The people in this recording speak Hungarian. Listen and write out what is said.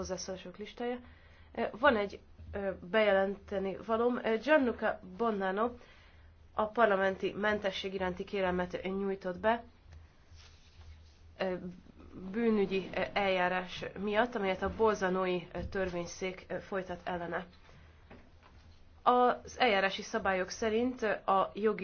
hozzászólások listája. Van egy bejelenteni valom. Gianluca Bonnano a parlamenti mentesség iránti kérelmet nyújtott be bűnügyi eljárás miatt, amelyet a bolzanói törvényszék folytat ellene. Az eljárási szabályok szerint a jogi